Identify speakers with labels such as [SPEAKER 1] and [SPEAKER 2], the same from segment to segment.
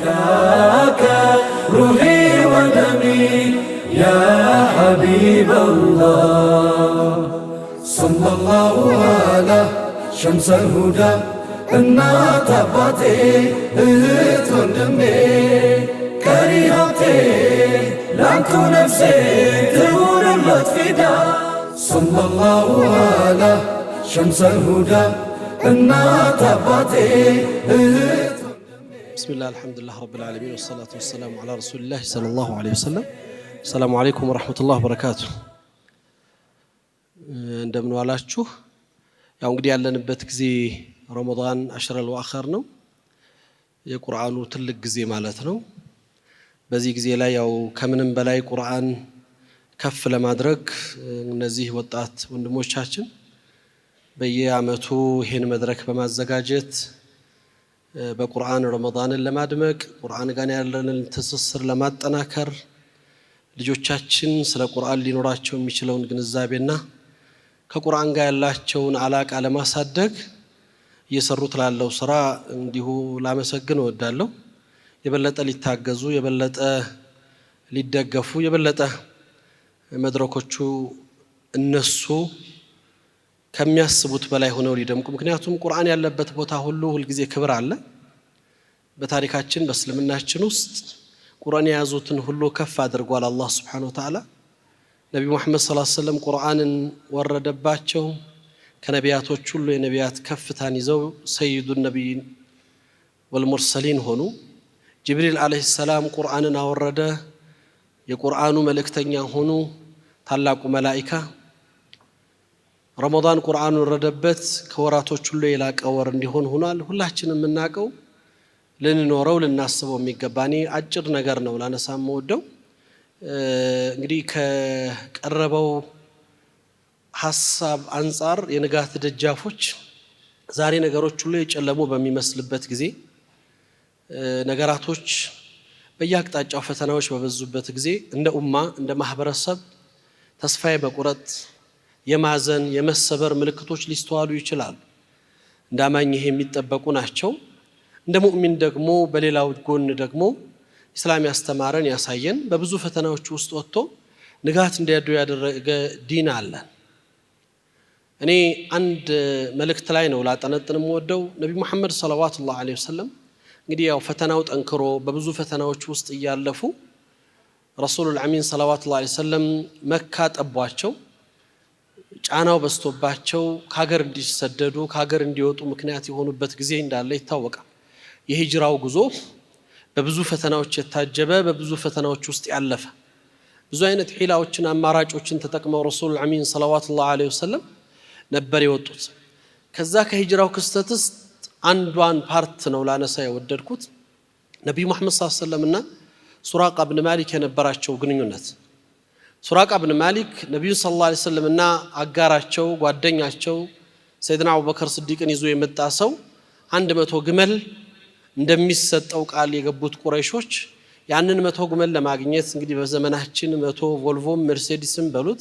[SPEAKER 1] فداك روحي ودمي يا حبيب الله صلى الله على شمس الهدى ان تبطي اهت ودمي كريهتي لانكو نفسي تهون المتفدى صلى الله على شمس الهدى ان تبطي اهت
[SPEAKER 2] ብስሚላህ አልሐምዱሊላህ ረብል ዓለሚን ወሰላቱ ወሰላሙ ዓላ ረሱሊላህ ሰለላሁ ዓለይሂ ወሰለም። ሰላሙ ዓለይኩም ወረሕመቱላህ ወበረካቱ። እንደምን ዋላችሁ። ያው እንግዲህ ያለንበት ጊዜ ረመዳን አሽረል ዋአኸር ነው፣ የቁርአኑ ትልቅ ጊዜ ማለት ነው። በዚህ ጊዜ ላይ ያው ከምንም በላይ ቁርአን ከፍ ለማድረግ እነዚህ ወጣት ወንድሞቻችን በየዓመቱ ይሄን መድረክ በማዘጋጀት በቁርአን ረመዳንን ለማድመቅ ቁርአን ጋር ያለንን ትስስር ለማጠናከር ልጆቻችን ስለ ቁርአን ሊኖራቸው የሚችለውን ግንዛቤና ከቁርአን ጋር ያላቸውን አላቃ ለማሳደግ እየሰሩት ላለው ስራ እንዲሁ ላመሰግን እወዳለሁ። የበለጠ ሊታገዙ፣ የበለጠ ሊደገፉ፣ የበለጠ መድረኮቹ እነሱ ከሚያስቡት በላይ ሆነው ሊደምቁ። ምክንያቱም ቁርአን ያለበት ቦታ ሁሉ ሁልጊዜ ክብር አለ። በታሪካችን በእስልምናችን ውስጥ ቁርአን የያዙትን ሁሉ ከፍ አድርጓል አላህ ስብሓነ ወተዓላ። ነቢ ሙሐመድ ሰለላሁ ዐለይሂ ቁርአንን ወረደባቸው። ከነቢያቶች ሁሉ የነቢያት ከፍታን ይዘው ሰይዱ ነቢይን ወልሙርሰሊን ሆኑ። ጅብሪል ዓለይሂ ሰላም ቁርአንን አወረደ። የቁርአኑ መልእክተኛ ሆኑ ታላቁ መላኢካ ረመዳን ቁርአን ወረደበት ከወራቶች ሁሉ የላቀ ወር እንዲሆን ሆኗል። ሁላችን የምናውቀው ልንኖረው ልናስበው የሚገባ እኔ አጭር ነገር ነው ላነሳ የምወደው እንግዲህ ከቀረበው ሀሳብ አንጻር የንጋት ደጃፎች ዛሬ ነገሮች ሁሉ የጨለሙ በሚመስልበት ጊዜ ነገራቶች በየአቅጣጫው ፈተናዎች በበዙበት ጊዜ እንደ ኡማ እንደ ማህበረሰብ ተስፋዬ መቁረጥ የማዘን የመሰበር ምልክቶች ሊስተዋሉ ይችላሉ። እንደ አማኝ ይሄ የሚጠበቁ ናቸው። እንደ ሙእሚን ደግሞ በሌላው ጎን ደግሞ ኢስላም ያስተማረን ያሳየን በብዙ ፈተናዎች ውስጥ ወጥቶ ንጋት እንዲያዱ ያደረገ ዲን አለን። እኔ አንድ መልእክት ላይ ነው ላጠነጥን የምወደው ነቢ ሙሐመድ ሰለዋቱላሁ ዐለይሂ ወሰለም እንግዲህ ያው ፈተናው ጠንክሮ በብዙ ፈተናዎች ውስጥ እያለፉ ረሱሉል አሚን ሰለዋቱላሁ ዐለይሂ ወሰለም መካ ጠቧቸው። ጫናው በስቶባቸው ከሀገር እንዲሰደዱ ከሀገር እንዲወጡ ምክንያት የሆኑበት ጊዜ እንዳለ ይታወቃል። የሂጅራው ጉዞ በብዙ ፈተናዎች የታጀበ በብዙ ፈተናዎች ውስጥ ያለፈ ብዙ አይነት ሒላዎችን አማራጮችን ተጠቅመው ረሱሉል አሚን ሰለዋቱላሁ ዐለይሂ ወሰለም ነበር የወጡት። ከዛ ከሂጅራው ክስተት ውስጥ አንዷን ፓርት ነው ላነሳ የወደድኩት ነቢዩ መሐመድ ሰለላሁ ዐለይሂ ወሰለም እና ሱራቃ ብን ማሊክ የነበራቸው ግንኙነት ሱራቃ ብን ማሊክ ነቢዩን ሰለላሁ ዐለይሂ ወሰለም እና አጋራቸው ጓደኛቸው ሰይድና አቡበከር ስዲቅን ይዞ የመጣ ሰው አንድ መቶ ግመል እንደሚሰጠው ቃል የገቡት ቁረይሾች ያንን መቶ ግመል ለማግኘት እንግዲህ በዘመናችን መቶ ቮልቮም ሜርሴዲስም በሉት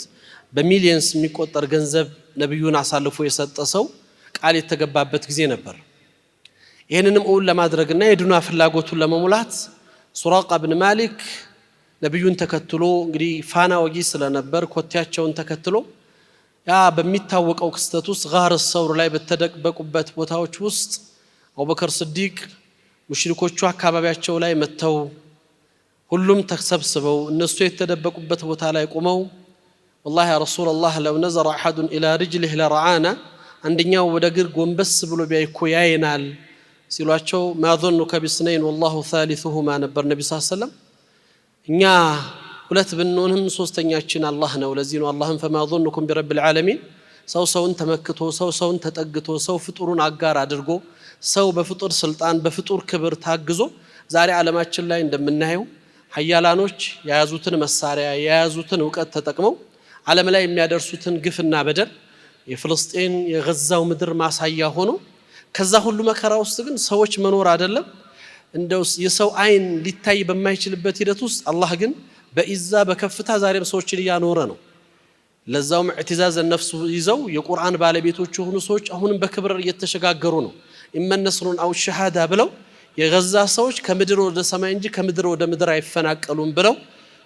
[SPEAKER 2] በሚሊየንስ የሚቆጠር ገንዘብ ነቢዩን አሳልፎ የሰጠ ሰው ቃል የተገባበት ጊዜ ነበር። ይህንንም እውን ለማድረግና የዱና ፍላጎቱን ለመሙላት ሱራቃ ብን ማሊክ ነቢዩን ተከትሎ እንግዲህ ፋና ወጊ ስለነበር ኮቴያቸውን ተከትሎ ያ በሚታወቀው ክስተት ውስጥ ጋር ሰውር ላይ በተደበቁበት ቦታዎች ውስጥ አቡበከር ስዲቅ ሙሽሪኮቹ አካባቢያቸው ላይ መጥተው ሁሉም ተሰብስበው እነሱ የተደበቁበት ቦታ ላይ ቁመው ወላሂ ያ ረሱለላህ ለው ነዘረ አሐዱን ኢላ ርጅሊህ ለረአና አንደኛው ወደ እግር ጎንበስ ብሎ ቢያይ እኮ ያየናል ሲሏቸው ማዞኑከ ከቢስነይን ወላሁ ታሊቱሁማ ነበር ነቢ ስ ሰለም እኛ ሁለት ብንሆንም ሶስተኛችን አላህ ነው። ለዚህ ነው አላህን ፈማ ظنكم برب العالمين ሰው ሰውን ተመክቶ ሰው ሰውን ተጠግቶ ሰው ፍጡሩን አጋር አድርጎ ሰው በፍጡር ስልጣን በፍጡር ክብር ታግዞ ዛሬ ዓለማችን ላይ እንደምናየው ሀያላኖች የያዙትን መሳሪያ የያዙትን እውቀት ተጠቅመው ዓለም ላይ የሚያደርሱትን ግፍና በደል የፍልስጤን የገዛው ምድር ማሳያ ሆኖ ከዛ ሁሉ መከራ ውስጥ ግን ሰዎች መኖር አይደለም እንደው የሰው አይን ሊታይ በማይችልበት ሂደት ውስጥ አላህ ግን በኢዛ በከፍታ ዛሬም ሰዎችን እያኖረ ነው። ለዛውም እዕትዛዝ ነፍሱ ይዘው የቁርአን ባለቤቶች የሆኑ ሰዎች አሁንም በክብር እየተሸጋገሩ ነው። ኢመነስሩን አው ሸሃዳ ብለው የገዛ ሰዎች ከምድር ወደ ሰማይ እንጂ ከምድር ወደ ምድር አይፈናቀሉም ብለው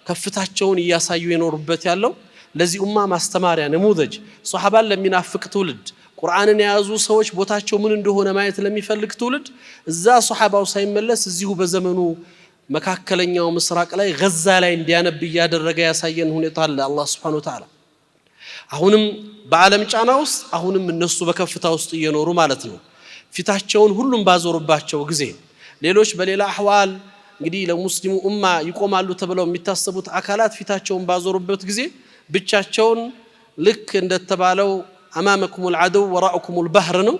[SPEAKER 2] ከፍታቸውን እያሳዩ የኖሩበት ያለው ለዚህ ኡማ ማስተማሪያ ነሙዘጅ ሶሐባን ለሚናፍቅ ትውልድ ቁርአንን የያዙ ሰዎች ቦታቸው ምን እንደሆነ ማየት ለሚፈልግ ትውልድ እዛ ሶሓባው ሳይመለስ እዚሁ በዘመኑ መካከለኛው ምስራቅ ላይ ገዛ ላይ እንዲያነብ እያደረገ ያሳየን ሁኔታ አለ አላህ ስብሓነሁ ወተዓላ። አሁንም በዓለም ጫና ውስጥ አሁንም እነሱ በከፍታ ውስጥ እየኖሩ ማለት ነው። ፊታቸውን ሁሉም ባዞሩባቸው ጊዜ ሌሎች በሌላ አህዋል እንግዲህ ለሙስሊሙ ኡማ ይቆማሉ ተብለው የሚታሰቡት አካላት ፊታቸውን ባዞሩበት ጊዜ ብቻቸውን ልክ እንደተባለው አማመኩሙል አደው ወራእኩሙል ባህር ነው።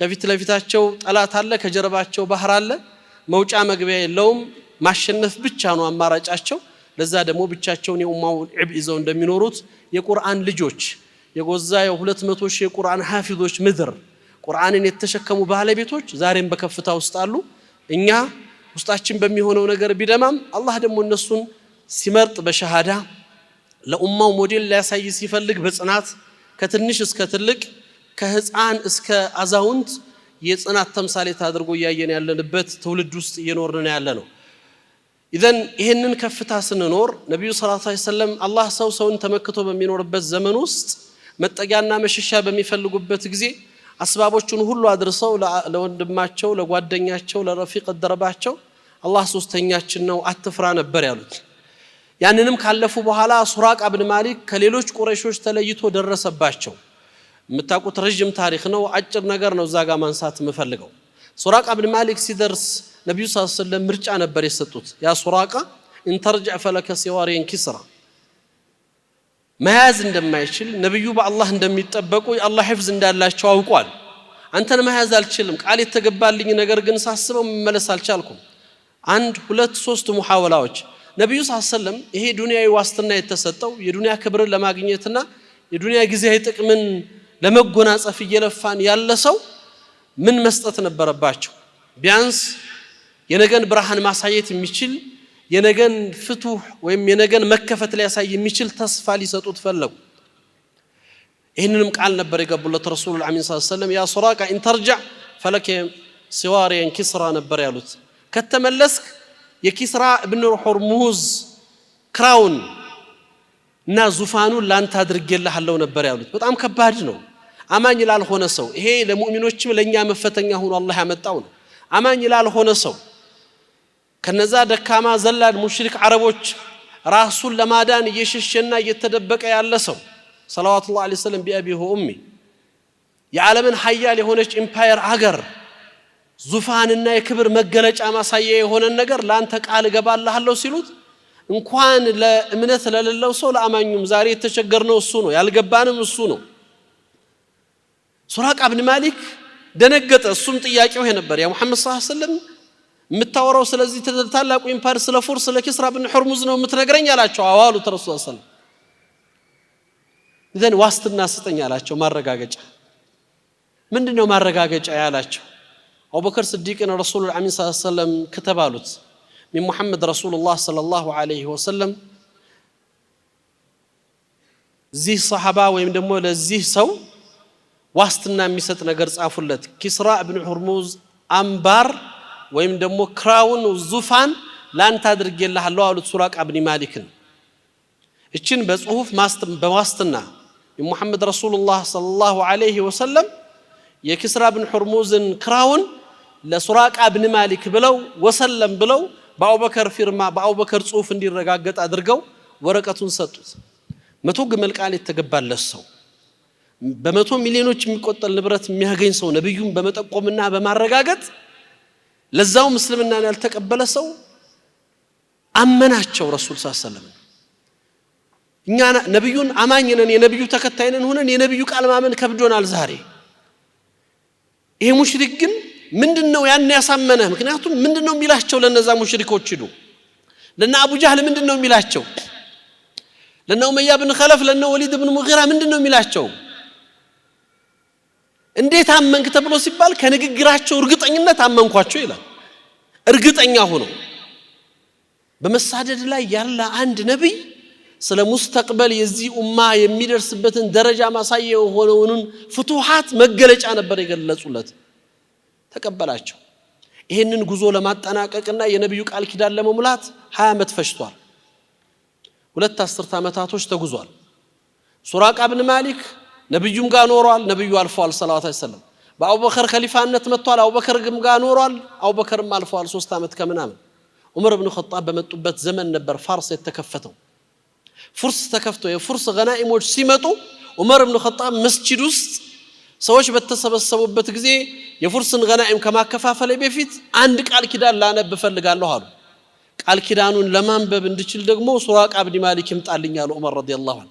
[SPEAKER 2] ከፊት ለፊታቸው ጠላት አለ፣ ከጀርባቸው ባህር አለ። መውጫ መግቢያ የለውም። ማሸነፍ ብቻ ነው አማራጫቸው። ለዛ ደግሞ ብቻቸውን የኡማውን ዕብ ይዘው እንደሚኖሩት የቁርአን ልጆች የጎዛ የሁለት መቶ ሺህ የቁርአን ሐፊዞች ምድር ቁርአንን የተሸከሙ ባለቤቶች ዛሬም በከፍታ ውስጥ አሉ። እኛ ውስጣችን በሚሆነው ነገር ቢደማም አላህ ደግሞ እነሱን ሲመርጥ በሸሃዳ ለኡማው ሞዴል ሊያሳይ ሲፈልግ በጽናት ከትንሽ እስከ ትልቅ ከህፃን እስከ አዛውንት የጽናት ተምሳሌት አድርጎ እያየን ያለንበት ትውልድ ውስጥ እየኖርን ያለ ነው። ኢዘን ይህንን ከፍታ ስንኖር ነቢዩ ሰለላሁ ዐለይሂ ወሰለም አላህ ሰው ሰውን ተመክቶ በሚኖርበት ዘመን ውስጥ መጠጊያና መሸሻ በሚፈልጉበት ጊዜ አስባቦቹን ሁሉ አድርሰው ለወንድማቸው፣ ለጓደኛቸው፣ ለረፊቅ ደረባቸው አላህ ሶስተኛችን ነው አትፍራ ነበር ያሉት። ያንንም ካለፉ በኋላ ሱራቃ ብን ማሊክ ከሌሎች ቁረሾች ተለይቶ ደረሰባቸው። የምታውቁት ረዥም ታሪክ ነው፣ አጭር ነገር ነው እዛ ጋር ማንሳት የምፈልገው። ሱራቃ ብን ማሊክ ሲደርስ ነቢዩ ስ ስለም ምርጫ ነበር የሰጡት። ያ ሱራቃ እንተርጅዕ ፈለከ ሲዋሬን ኪስራ መያዝ እንደማይችል ነቢዩ በአላህ እንደሚጠበቁ የአላህ ሕፍዝ እንዳላቸው አውቋል። አንተን መያዝ አልችልም፣ ቃል የተገባልኝ ነገር ግን ሳስበው መመለስ አልቻልኩም። አንድ ሁለት ሶስት ሙሐወላዎች ነቢዩ ሳሰለም ይሄ ዱንያዊ ዋስትና የተሰጠው የዱንያ ክብርን ለማግኘትና የዱንያ ጊዜያዊ ጥቅምን ለመጎናጸፍ እየለፋን ያለ ሰው ምን መስጠት ነበረባቸው? ቢያንስ የነገን ብርሃን ማሳየት የሚችል የነገን ፍቱህ ወይም የነገን መከፈት ሊያሳይ የሚችል ተስፋ ሊሰጡት ፈለጉ። ይህንንም ቃል ነበር የገቡለት ረሱሉ ልአሚን ስ ሰለም ያ ሱራቃ ኢንተርጃዕ ፈለከ ሲዋርየን ኪስራ ነበር ያሉት ከተመለስክ የኪስራ እብን ሆርሙዝ ክራውን እና ዙፋኑን ላንተ አድርጌልሃለሁ ነበር ያሉት። በጣም ከባድ ነው። አማኝ ላልሆነ ሰው ይሄ ለሙእሚኖችም ለእኛ መፈተኛ ሆኖ አላህ ያመጣው ነው። አማኝ ላልሆነ ሰው ከነዛ ደካማ ዘላድ ሙሽሪክ አረቦች ራሱን ለማዳን እየሸሸና እየተደበቀ ያለ ሰው ሰለዋቱላህ ዐለይሂ ወሰለም ቢአቢሁ ኡሚ የዓለምን ሀያል የሆነች ኢምፓየር አገር ዙፋንና የክብር መገለጫ ማሳያ የሆነን ነገር ለአንተ ቃል እገባልሃለሁ ሲሉት እንኳን ለእምነት ለሌለው ሰው ለአማኙም ዛሬ የተቸገርነው እሱ ነው፣ ያልገባንም እሱ ነው። ሱራቃ ብን ማሊክ ደነገጠ። እሱም ጥያቄው ይሄ ነበር። ያ ሙሐመድ ሰለላሁ ዐለይሂ ወሰለም የምታወራው ስለዚህ ታላቁ ኢምፓር ስለ ፉር ስለ ኪስራ ብን ሁርሙዝ ነው የምትነግረኝ አላቸው። አዋሉ ረሱል ሰለላሁ ዐለይሂ ዋስትና ስጠኝ አላቸው። ማረጋገጫ ምንድን ነው ማረጋገጫ ያላቸው አቡበከር ስዲቅን ረሱሉ ልአሚን ሰለም ከተባሉት ሚን ሙሐመድ ረሱሉላህ ሰለላሁ ዐለይሂ ወሰለም እዚህ ሰሓባ ወይም ደግሞ ለዚህ ሰው ዋስትና የሚሰጥ ነገር ጻፉለት። ኪስራ እብን ሁርሙዝ አምባር ወይም ደግሞ ክራውን ዙፋን ለአንተ አድርጌልሃለሁ አሉት ሱራቃ ብኒ ማሊክን። እችን በጽሁፍ በዋስትና የሙሐመድ ረሱሉላህ ሰለላሁ ዐለይሂ ወሰለም የኪስራ ብን ሁርሙዝን ክራውን ለሱራቃ ብን ማሊክ ብለው ወሰለም ብለው በአቡበከር ፊርማ በአቡበከር ጽሁፍ እንዲረጋገጥ አድርገው ወረቀቱን ሰጡት። መቶ ግመል ቃል የተገባለት ሰው በመቶ ሚሊዮኖች የሚቆጠል ንብረት የሚያገኝ ሰው ነቢዩን በመጠቆምና በማረጋገጥ ለዛው ምስልምናን ያልተቀበለ ሰው አመናቸው ረሱል ስ ሰለም እኛ ነቢዩን አማኝነን የነቢዩ ተከታይነን ሆነን የነቢዩ ቃል ማመን ከብዶናል ዛሬ ይሄ ሙሽሪክ ግን ምንድን ነው ያን ያሳመነህ? ምክንያቱም ምንድን ነው የሚላቸው ለነዛ ሙሽሪኮች ሂዱ ለነ አቡ ጃህል ምንድን ነው የሚላቸው? ለነ ኡመያ ብን ኸለፍ ለነ ወሊድ ብን ሙጊራ ምንድን ነው የሚላቸው? እንዴት አመንክ ተብሎ ሲባል ከንግግራቸው እርግጠኝነት አመንኳቸው ይላል። እርግጠኛ ሆኖ በመሳደድ ላይ ያለ አንድ ነቢይ ስለ ሙስተቅበል የዚህ ኡማ የሚደርስበትን ደረጃ ማሳያ የሆነውን ፍቱሃት መገለጫ ነበር የገለጹለት። ተቀበላቸው። ይህንን ጉዞ ለማጠናቀቅና የነቢዩ ቃል ኪዳን ለመሙላት ሀያ ዓመት ፈጅቷል። ሁለት አስርት ዓመታቶች ተጉዟል። ሱራቃ ብን ማሊክ ነቢዩም ጋር ኖሯል። ነቢዩ አልፈዋል ሰላዋት ሰለም። በአቡበከር ከሊፋነት መጥቷል። አቡበከር ግም ጋር ኖሯል። አቡበከርም አልፈዋል ሶስት ዓመት ከምናምን። ዑመር ብን ኸጣብ በመጡበት ዘመን ነበር ፋርስ የተከፈተው። ፉርስ ተከፍቶ የፉርስ ገናኢሞች ሲመጡ ዑመር ብን ኸጣብ መስጂድ ውስጥ ሰዎች በተሰበሰቡበት ጊዜ የፉርስን ገናኢም ከማከፋፈል በፊት አንድ ቃል ኪዳን ላነብ እፈልጋለሁ አሉ። ቃል ኪዳኑን ለማንበብ እንድችል ደግሞ ሱራቃ ብን ማሊክ ይምጣልኝ አሉ ዑመር ረዲየላሁ ዐንሁ።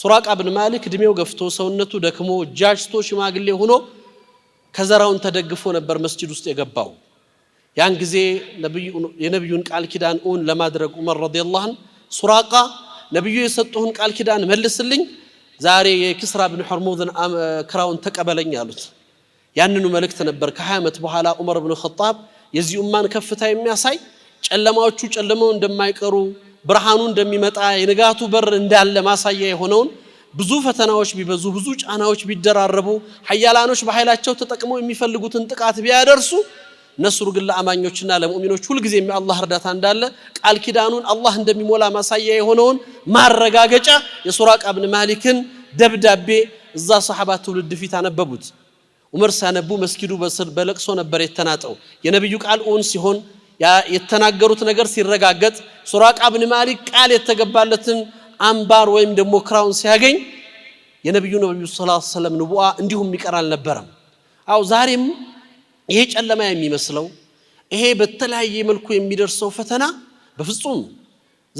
[SPEAKER 2] ሱራቃ ብን ማሊክ እድሜው ገፍቶ ሰውነቱ ደክሞ ጃጅቶ ሽማግሌ ሆኖ ከዘራውን ተደግፎ ነበር መስጂድ ውስጥ የገባው። ያን ጊዜ የነቢዩን ቃል ኪዳን እውን ለማድረግ ዑመር ረዲየላሁ ዐንሁ ሱራቃ ነቢዩ የሰጡህን ቃል ኪዳን መልስልኝ ዛሬ የኪስራ ብን ሆርሙዝን ክራውን ተቀበለኝ አሉት። ያንኑ መልእክት ነበር ከ ከሀያ ዓመት በኋላ ዑመር ብን ኸጣብ የዚህ ኡማን ከፍታ የሚያሳይ ጨለማዎቹ ጨልመው እንደማይቀሩ ብርሃኑ እንደሚመጣ የንጋቱ በር እንዳለ ማሳያ የሆነውን ብዙ ፈተናዎች ቢበዙ ብዙ ጫናዎች ቢደራረቡ ሀያላኖች በኃይላቸው ተጠቅመው የሚፈልጉትን ጥቃት ቢያደርሱ ነስሩ ግን ለአማኞችና ለሙእሚኖች ሁልጊዜ የአላህ እርዳታ እንዳለ ቃል ኪዳኑን አላህ እንደሚሞላ ማሳያ የሆነውን ማረጋገጫ የሱራቃ ብን ማሊክን ደብዳቤ እዛ ሰሓባ ትውልድ ፊት አነበቡት። ዑመር ሲያነቡ መስጊዱ በለቅሶ ነበር የተናጠው። የነቢዩ ቃል እውን ሲሆን የተናገሩት ነገር ሲረጋገጥ ሱራቃ ብን ማሊክ ቃል የተገባለትን አምባር ወይም ደግሞ ክራውን ሲያገኝ የነቢዩ ነቢዩ ስ ሰለም ንቡአ እንዲሁም ይቀር አልነበረም። አው ዛሬም ይሄ ጨለማ የሚመስለው ይሄ በተለያየ መልኩ የሚደርሰው ፈተና በፍጹም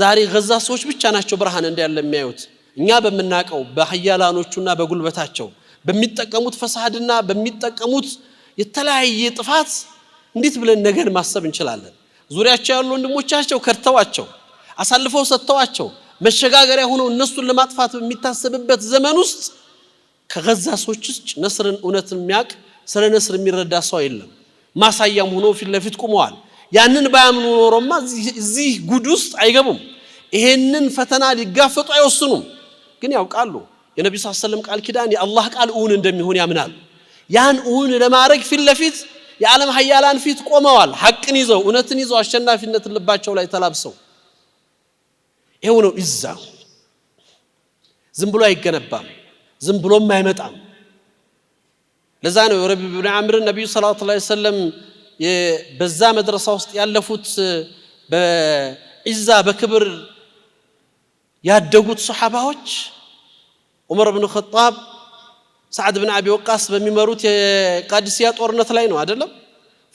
[SPEAKER 2] ዛሬ ገዛ ሰዎች ብቻ ናቸው ብርሃን እንዳለ የሚያዩት። እኛ በምናቀው በሀያላኖቹና በጉልበታቸው በሚጠቀሙት ፈሳድና በሚጠቀሙት የተለያየ ጥፋት እንዴት ብለን ነገር ማሰብ እንችላለን? ዙሪያቸው ያሉ ወንድሞቻቸው ከድተዋቸው አሳልፈው ሰጥተዋቸው መሸጋገሪያ ሆነው እነሱን ለማጥፋት በሚታሰብበት ዘመን ውስጥ ከገዛ ሰዎች ውስጥ ነስርን እውነትን የሚያውቅ ስለ ንስር የሚረዳ ሰው የለም። ማሳያም ሆኖ ፊት ለፊት ቁመዋል። ያንን ባያምኑ ኖሮማ እዚህ ጉድ ውስጥ አይገቡም። ይሄንን ፈተና ሊጋፈጡ አይወስኑም። ግን ያውቃሉ የነቢዩ ስ ሰለም ቃል ኪዳን የአላህ ቃል እውን እንደሚሆን ያምናሉ። ያን እውን ለማድረግ ፊት ለፊት የዓለም ሀያላን ፊት ቆመዋል። ሐቅን ይዘው እውነትን ይዘው አሸናፊነት ልባቸው ላይ ተላብሰው ይሄው ነው። እዛ ዝም ብሎ አይገነባም፣ ዝም ብሎም አይመጣም። ለዛ ነው ረቢዕ ብን ዓምርን ነቢዩ ሰለላሁ ዐለይሂ ወሰለም በዛ መድረሳ ውስጥ ያለፉት በዒዛ በክብር ያደጉት ሰሓባዎች ዑመር ብን ኸጣብ ሳዕድ ብን አቢ ወቃስ በሚመሩት የቃዲስያ ጦርነት ላይ ነው አይደለም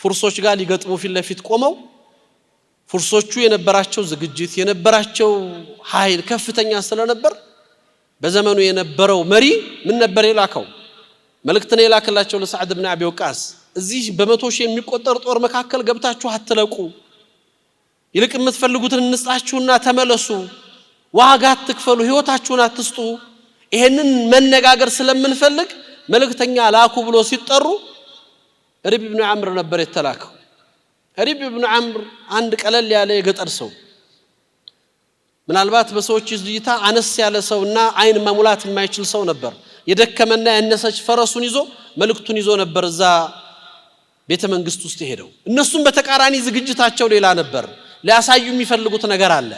[SPEAKER 2] ፉርሶች ጋር ሊገጥሙ ፊት ለፊት ቆመው ፉርሶቹ የነበራቸው ዝግጅት የነበራቸው ኃይል ከፍተኛ ስለነበር በዘመኑ የነበረው መሪ ምን ነበር የላከው መልእክትን የላክላቸው ለሳዕድ ብን አቢ ወቃስ እዚህ በመቶ ሺህ የሚቆጠር ጦር መካከል ገብታችሁ አትለቁ፣ ይልቅ የምትፈልጉትን እንስጣችሁና ተመለሱ፣ ዋጋ አትክፈሉ፣ ህይወታችሁን አትስጡ፣ ይሄንን መነጋገር ስለምንፈልግ መልእክተኛ ላኩ ብሎ ሲጠሩ ሪብ ብኑ ዓምር ነበር የተላከው። ሪብ ብኑ ዓምር አንድ ቀለል ያለ የገጠር ሰው ምናልባት በሰዎች እይታ አነስ ያለ ሰውና አይን መሙላት የማይችል ሰው ነበር። የደከመና ያነሰች ፈረሱን ይዞ መልእክቱን ይዞ ነበር እዛ ቤተ መንግስት ውስጥ የሄደው። እነሱም በተቃራኒ ዝግጅታቸው ሌላ ነበር። ሊያሳዩ የሚፈልጉት ነገር አለ።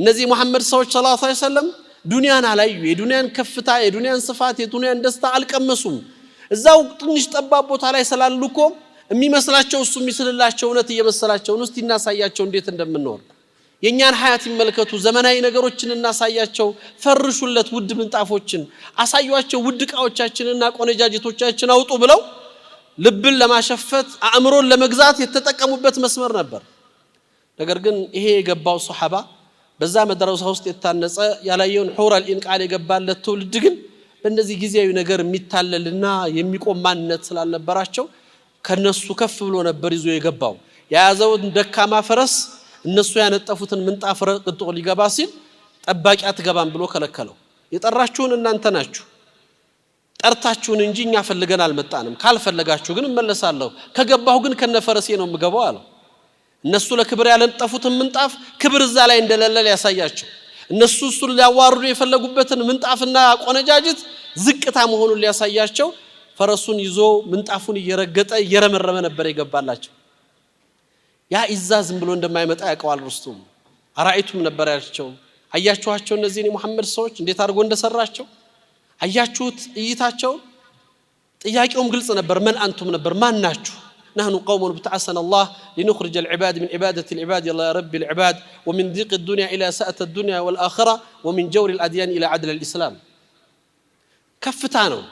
[SPEAKER 2] እነዚህ መሐመድ ሰዎች ሰለላሁ ዐለይሂ ወሰለም ዱንያን አላዩ። የዱንያን ከፍታ፣ የዱንያን ስፋት፣ የዱንያን ደስታ አልቀመሱም። እዛው ትንሽ ጠባብ ቦታ ላይ ስላሉ እኮ የሚመስላቸው እሱ የሚስልላቸው እውነት እየመሰላቸው እስቲ እናሳያቸው እንዴት እንደምንኖር የእኛን ሀያት ይመልከቱ። ዘመናዊ ነገሮችን እናሳያቸው፣ ፈርሹለት ውድ ምንጣፎችን፣ አሳዩቸው ውድ እቃዎቻችንና ቆነጃጀቶቻችን አውጡ ብለው ልብን ለማሸፈት አእምሮን ለመግዛት የተጠቀሙበት መስመር ነበር። ነገር ግን ይሄ የገባው ሶሓባ በዛ መድረሳ ውስጥ የታነጸ ያላየውን ሑረል ቃል የገባለት ትውልድ ግን በእነዚህ ጊዜያዊ ነገር የሚታለልና የሚቆም ማንነት ስላልነበራቸው ከነሱ ከፍ ብሎ ነበር ይዞ የገባው የያዘውን ደካማ ፈረስ እነሱ ያነጠፉትን ምንጣፍ ረግጦ ሊገባ ሲል ጠባቂ አትገባም ብሎ ከለከለው። የጠራችሁን እናንተ ናችሁ ጠርታችሁን እንጂ እኛ ፈልገን አልመጣንም። ካልፈለጋችሁ ግን እመለሳለሁ፣ ከገባሁ ግን ከነፈረሴ ነው የምገባው አለው። እነሱ ለክብር ያነጠፉትን ምንጣፍ ክብር እዛ ላይ እንደሌለ ሊያሳያቸው፣ እነሱ እሱን ሊያዋርዱ የፈለጉበትን ምንጣፍና ቆነጃጅት ዝቅታ መሆኑን ሊያሳያቸው ፈረሱን ይዞ ምንጣፉን እየረገጠ እየረመረመ ነበር የገባላቸው። ያ ኢዛ ዝም ብሎ እንደማይመጣ ያውቀዋል። ርስቱም አራይቱም ነበር ያቸው። አያችኋቸው እነዚህን የሙሐመድ ሰዎች እንዴት አድርጎ እንደሰራቸው አያችሁት። እይታቸው ጥያቄውም ግልጽ ነበር። መን አንቱም ነበር ማን ናችሁ? ናህኑ ቀውሙን ብተዓሰን ላህ ሊኑኽርጅ ልዕባድ ምን ዕባደት ልዕባድ ላ ረቢ ልዕባድ ወምን ዲቅ ዱንያ ኢላ ሰአት ዱንያ ወልአኸራ ወምን ጀውሪ ልአድያን ኢላ ዓድል ልእስላም። ከፍታ ነው፣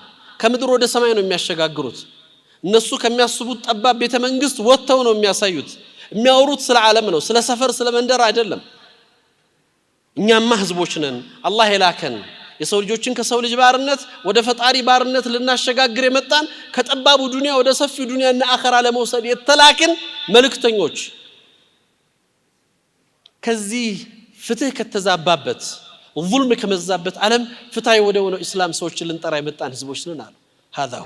[SPEAKER 2] ከምድር ወደ ሰማይ ነው የሚያሸጋግሩት። እነሱ ከሚያስቡት ጠባብ ቤተ መንግስት ወጥተው ነው የሚያሳዩት የሚያወሩት ስለ ዓለም ነው፣ ስለ ሰፈር፣ ስለ መንደር አይደለም። እኛማ ህዝቦች ነን። አላህ የላከን የሰው ልጆችን ከሰው ልጅ ባርነት ወደ ፈጣሪ ባርነት ልናሸጋግር የመጣን ከጠባቡ ዱንያ ወደ ሰፊው እና አኸራ ለመውሰድ የተላክን መልእክተኞች ከዚህ ፍትህ ከተዛባበት ዙልም ከመዛበት ዓለም ፍትሐዊ ወደ ሆነው ኢስላም ሰዎችን ልንጠራ የመጣን ህዝቦች ነን አሉ። ሀዛሁ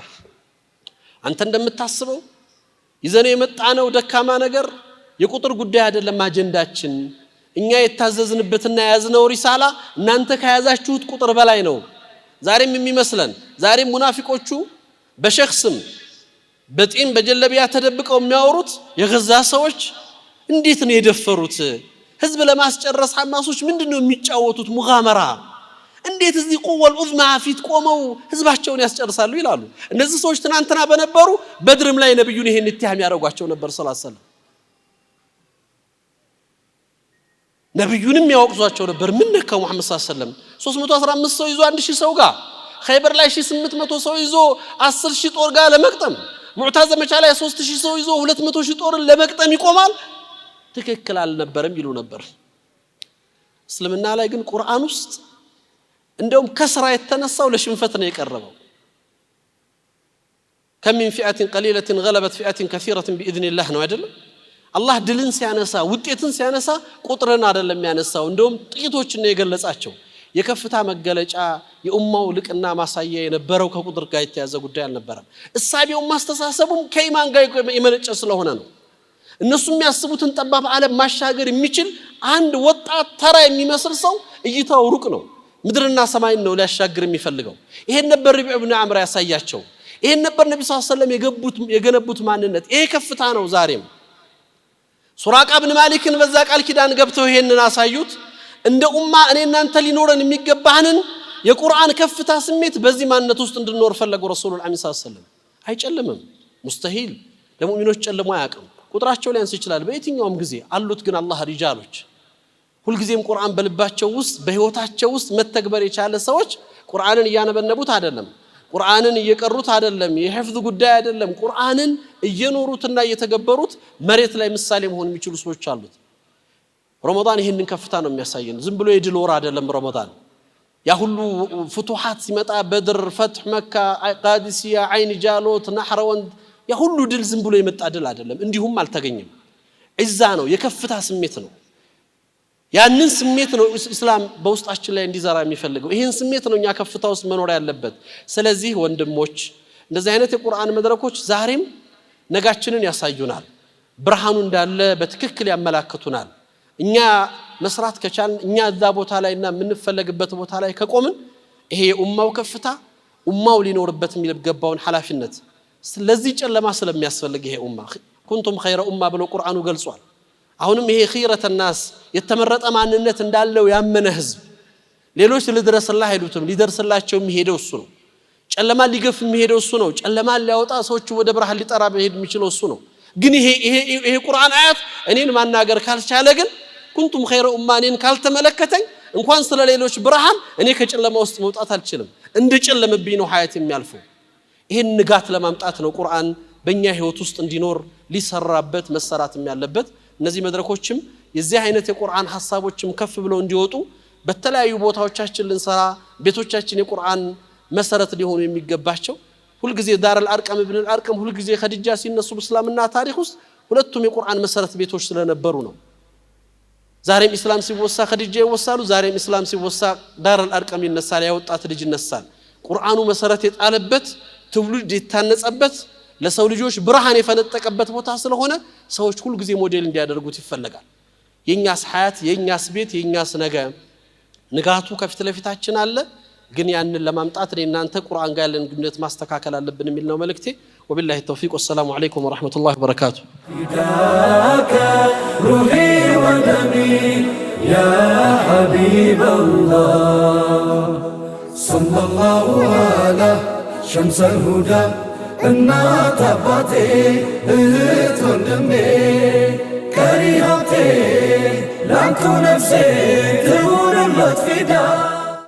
[SPEAKER 2] አንተ እንደምታስበው ይዘነው የመጣነው ደካማ ነገር የቁጥር ጉዳይ አይደለም አጀንዳችን። እኛ የታዘዝንበትና የያዝነው ሪሳላ እናንተ ከያዛችሁት ቁጥር በላይ ነው። ዛሬም የሚመስለን ዛሬም ሙናፊቆቹ በሸክስም በጢም በጀለቢያ ተደብቀው የሚያወሩት የገዛ ሰዎች እንዴት ነው የደፈሩት? ህዝብ ለማስጨረስ ሐማሶች ምንድን ነው የሚጫወቱት? ሙጋመራ እንዴት እዚህ ቁወል ኡዝማ ፊት ቆመው ህዝባቸውን ያስጨርሳሉ ይላሉ። እነዚህ ሰዎች ትናንትና በነበሩ በድርም ላይ ነብዩን ይሄን ኢትሃም ያደርጓቸው ነበር ሰለላሁ ዐለይሂ ወሰለም ነቢዩንም ያወቅዟቸው ነበር። ምን ነካው ሙሐመድ ስ ሰለም 315 ሰው ይዞ አንድ ሰው ጋር ኸይበር ላይ 800 ሰው ይዞ 10 ሺህ ጦር ጋር ለመቅጠም ሙዕታ ዘመቻ ላይ 3 ሰው ይዞ 200 ጦር ለመቅጠም ይቆማል። ትክክል አልነበረም ይሉ ነበር። እስልምና ላይ ግን ቁርአን ውስጥ እንደውም ከስራ የተነሳው ለሽንፈት ነው የቀረበው። ከሚን ፊአትን ቀሊለትን ገለበት ፊአትን ከሲረትን ቢኢዝኒላህ ነው አይደለም አላህ ድልን ሲያነሳ ውጤትን ሲያነሳ ቁጥርን አይደለም የሚያነሳው። እንደውም ጥቂቶችን ነው የገለጻቸው። የከፍታ መገለጫ የኡማው ልቅና ማሳያ የነበረው ከቁጥር ጋር የተያዘ ጉዳይ አልነበረም። እሳቤው አስተሳሰቡም ከኢማን ጋር የመነጨ ስለሆነ ነው። እነሱ የሚያስቡትን ጠባብ ዓለም ማሻገር የሚችል አንድ ወጣት ተራ የሚመስል ሰው እይታው ሩቅ ነው። ምድርና ሰማይን ነው ሊያሻግር የሚፈልገው። ይሄን ነበር ሪቢዕ ብን አምር ያሳያቸው። ይሄን ነበር ነቢ ስ ሰለም የገነቡት ማንነት። ይሄ ከፍታ ነው ዛሬም ሱራቃ ብን ማሊክን በዛ ቃል ኪዳን ገብተው ይሄንን አሳዩት። እንደ ኡማ እኔ እናንተ ሊኖረን የሚገባህንን የቁርአን ከፍታ ስሜት በዚህ ማንነት ውስጥ እንድንኖር ፈለጉ። ረሱሉ ላ ሰለም አይጨልምም፣ ሙስተሂል ለሙእሚኖች ጨልሞ አያውቅም። ቁጥራቸው ሊያንስ ይችላል በየትኛውም ጊዜ አሉት። ግን አላህ ሪጃሎች ሁልጊዜም ቁርአን በልባቸው ውስጥ በህይወታቸው ውስጥ መተግበር የቻለ ሰዎች ቁርአንን እያነበነቡት አይደለም ቁርአንን እየቀሩት አይደለም፣ የሕፍዝ ጉዳይ አይደለም። ቁርአንን እየኖሩትና እየተገበሩት መሬት ላይ ምሳሌ መሆን የሚችሉ ሰዎች አሉት። ረመዳን ይህንን ከፍታ ነው የሚያሳየን። ዝም ብሎ የድል ወር አይደለም ረመዳን። ያ ሁሉ ፍቱሓት ሲመጣ በድር፣ ፈትሕ፣ መካ፣ ቃዲሲያ፣ ዓይን ጃሎት፣ ናሕረወንድ ያ ሁሉ ድል ዝም ብሎ የመጣ ድል አይደለም፣ እንዲሁም አልተገኘም። ዒዛ ነው፣ የከፍታ ስሜት ነው። ያንን ስሜት ነው ኢስላም በውስጣችን ላይ እንዲዘራ የሚፈልገው። ይህን ስሜት ነው እኛ ከፍታ ውስጥ መኖር ያለበት። ስለዚህ ወንድሞች እንደዚህ አይነት የቁርአን መድረኮች ዛሬም ነጋችንን ያሳዩናል። ብርሃኑ እንዳለ በትክክል ያመላክቱናል። እኛ መስራት ከቻልን እኛ እዛ ቦታ ላይ እና የምንፈለግበት ቦታ ላይ ከቆምን ይሄ የኡማው ከፍታ ኡማው ሊኖርበት የሚገባውን ኃላፊነት ለዚህ ጨለማ ስለሚያስፈልግ ይሄ ኡማ ኩንቱም ኸይረ ኡማ ብሎ ቁርአኑ ገልጿል። አሁንም ይሄ ኺረተ ናስ የተመረጠ ማንነት እንዳለው ያመነ ህዝብ ሌሎች ልድረስላ አይሉትም። ሊደርስላቸው የሚሄደው እሱ ነው። ጨለማ ሊገፍ የሚሄደው እሱ ነው። ጨለማ ሊያወጣ ሰዎች ወደ ብርሃን ሊጠራ መሄድ የሚችለው እሱ ነው። ግን ይሄ ይሄ ቁርአን አያት እኔን ማናገር ካልቻለ ግን ኩንቱም ኸይረ ኡማ እኔን ካልተመለከተኝ እንኳን ስለ ሌሎች ብርሃን እኔ ከጨለማ ውስጥ መውጣት አልችልም። እንደ ጨለመብኝ ነው ሀያት የሚያልፈው። ይህን ንጋት ለማምጣት ነው ቁርአን በእኛ ህይወት ውስጥ እንዲኖር ሊሰራበት መሰራትም ያለበት እነዚህ መድረኮችም የዚህ አይነት የቁርአን ሀሳቦችም ከፍ ብለው እንዲወጡ በተለያዩ ቦታዎቻችን ልንሰራ ቤቶቻችን የቁርአን መሰረት ሊሆኑ የሚገባቸው ሁልጊዜ ዳረል አርቀም ብን አርቀም ሁልጊዜ ከድጃ ሲነሱ በእስላምና ታሪክ ውስጥ ሁለቱም የቁርአን መሰረት ቤቶች ስለነበሩ ነው። ዛሬም ኢስላም ሲወሳ ከድጃ ይወሳሉ። ዛሬም ኢስላም ሲወሳ ዳር አርቀም ይነሳል። ያወጣት ልጅ ይነሳል። ቁርአኑ መሰረት የጣለበት ትውልድ የታነጸበት ለሰው ልጆች ብርሃን የፈነጠቀበት ቦታ ስለሆነ ሰዎች ሁል ጊዜ ሞዴል እንዲያደርጉት ይፈለጋል። የእኛስ ሀያት፣ የእኛስ ቤት፣ የእኛስ ነገ ንጋቱ ከፊት ለፊታችን አለ። ግን ያንን ለማምጣት እኔ እናንተ ቁርአን ጋር ያለን ግንኙነት ማስተካከል አለብን የሚል ነው መልእክቴ። ወቢላሂ ተውፊቅ ወሰላሙ አለይኩም ወረሕመቱላሂ ወበረካቱ።
[SPEAKER 1] ፊዳከ ወደሚ ያ ሐቢበላህ ሰለላሁ ዐላ ሸምሰል ሁዳ እናት አባቴ እህት ወንድሜ ቀሪ ሀብቴ ላንቱ ነፍሴ ትሁንላት ፊዳ